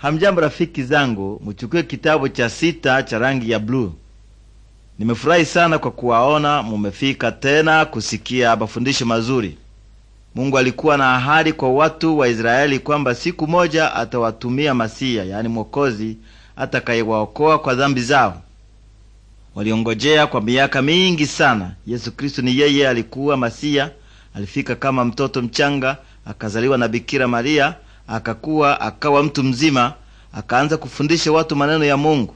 Hamjambo rafiki zangu, mchukue kitabu cha sita cha rangi ya bluu. Nimefurahi sana kwa kuwaona mumefika tena kusikia mafundisho mazuri. Mungu alikuwa na ahadi kwa watu wa Israeli kwamba siku moja atawatumia Masia, yaani Mwokozi, atakayewaokoa kwa dhambi zao. Waliongojea kwa miaka mingi sana. Yesu Kristo ni yeye alikuwa Masia. Alifika kama mtoto mchanga, akazaliwa na Bikira Maria akakuwa akawa mtu mzima, akaanza kufundisha watu maneno ya Mungu.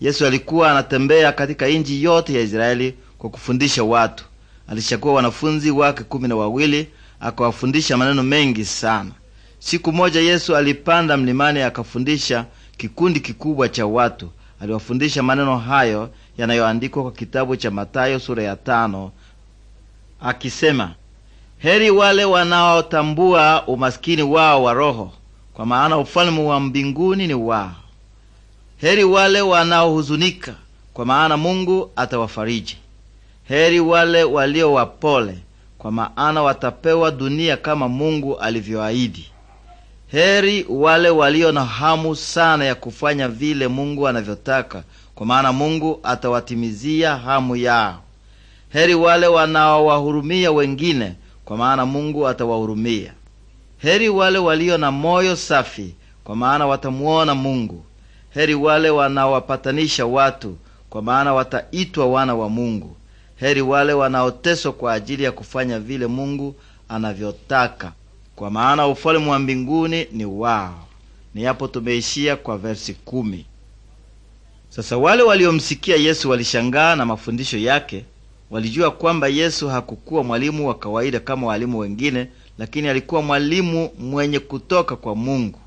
Yesu alikuwa anatembea katika nchi yote ya Israeli kwa kufundisha watu. alishakuwa wanafunzi wake kumi na wawili, akawafundisha maneno mengi sana. Siku moja Yesu alipanda mlimani akafundisha kikundi kikubwa cha watu. Aliwafundisha maneno hayo yanayoandikwa kwa kitabu cha Mathayo sura ya tano akisema, Heri wale wanaotambua umaskini wao wa roho, kwa maana ufalme wa mbinguni ni wao. Heri wale wanaohuzunika, kwa maana Mungu atawafariji. Heri wale walio wapole, kwa maana watapewa dunia kama Mungu alivyoahidi. Heri wale walio na hamu sana ya kufanya vile Mungu anavyotaka, kwa maana Mungu atawatimizia hamu yao. Heri wale wanaowahurumia wengine kwa maana Mungu atawahurumia. Heri wale walio na moyo safi, kwa maana watamuona Mungu. Heri wale wanaowapatanisha watu, kwa maana wataitwa wana wa Mungu. Heri wale wanaoteswa kwa ajili ya kufanya vile Mungu anavyotaka, kwa maana ufalme wa mbinguni ni wao. Ni hapo tumeishia kwa versi kumi. Sasa wale waliomsikia Yesu walishangaa na mafundisho yake, Walijua kwamba Yesu hakukuwa mwalimu wa kawaida kama walimu wengine, lakini alikuwa mwalimu mwenye kutoka kwa Mungu.